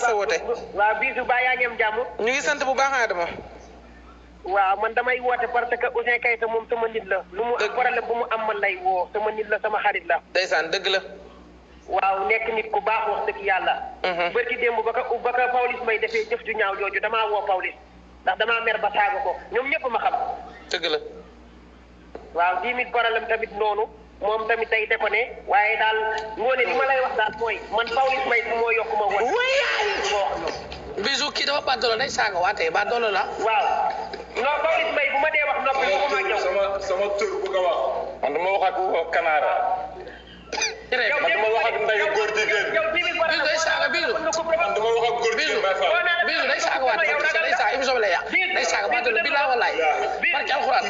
ak sa woote. waaw ba yaa ngi jàmm. ñu sant bu baax Adama. waaw man damay woote parce que Ouzin Keita moom sama nit la. lu mu am problème bu mu am man lay woo sama nit la sama xarit la. ndeysaan dëgg la. waaw nekk nit ku baax wax dëgg yàlla. Mhm. bërki démb ba ko ba ko Pawlish may defee jëf ju ñaaw jooju damaa woo Pawlish ndax damaa mer ba saaga ko ñoom ñëpp ma xam. dëgg la. waaw dix mille problème tamit noonu moom tamit day déconné waaye daal ngoone li ma lay wax daal sama bàddoolo day saaga waatee bàddoolo la. waaw non Pawlish Mbaye bu ma dee wax noppi ma ñëw. sama sama tur bu ko wax. man dama wax ak kanaara. jërëjëf man dama wax ak ndayu góor jigéen. biiru day saaga biiru. man dama wax ak góor jigéen bay faaw. biiru day saaga waatee day saaga émission bi lay yàq day saaga bàddoolo bi laa walaay. barke alxuraan.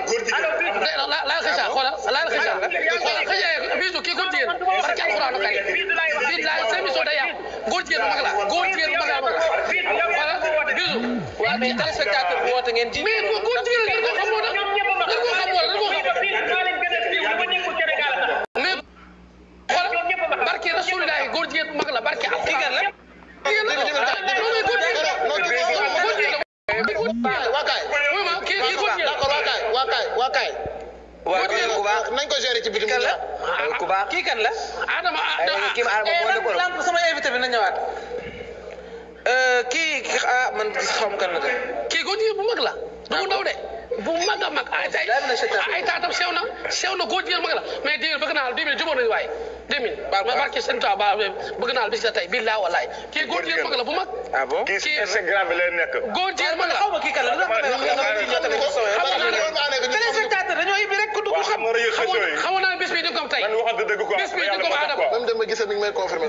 laal xëcca xoolal laal xëcca xoolal xëcca biiru kii góor jigéen barke alxuraan kay biiru laay sa émission day yàq góor jigéen bu mag la góor jigéen bu mag mais téléspectateur bu woote ngeen ji mais ko ko jël ngir ko xamoo nag ñoom ñëpp ma ko xamoo nag ko mais xool barke rasulullahi góor jigéen bu mag la barke ak jigéen la wakay wakay nañ ko gérer ci bitim kan la ku baax kii kan la adama adama kim adama mo ko sama invité bi na ñëwaat man gis xaw ma kan la de. kii góor-jigéen bu mag la. Ah du ndaw de bu mag a mag. ay taatam sew na sew na góor-jigéen mag la mais dégg bëgg naa la deux mille jubóo nañu waaye. deux mille ma barke seen toit ba bëgg naa la bis la tey bii laa walaay. kii góor-jigéen mag bu mag. ah bon kii Instagram bi lay nekk. góor-jigéen mag la xaw ma kii kan la lu ma téléspectateur dañoo Mhm. dama gis ni ngi may confirmé.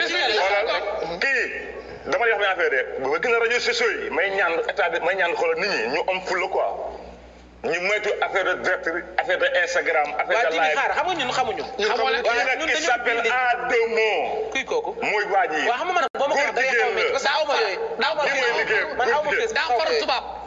kii dama lay wax benn affaire de ba gën a rajo sociaux yi may ñaan état bi may ñaan xoolal nit ñi ñu am fulla quoi. ñu moytu affaire de direct affaire de Instagram affaire de live xaar xam nga ñun xamuñu. ñun xamuñu ñun il s'appelle à deux mots. kuy kooku mooy waa ji. waaw xam nga man boo ma ko wax da ngay xaw a métti parce que aw ma yooyu. daaw ma yooyu lii mooy liggéeyam góor jigéen daaw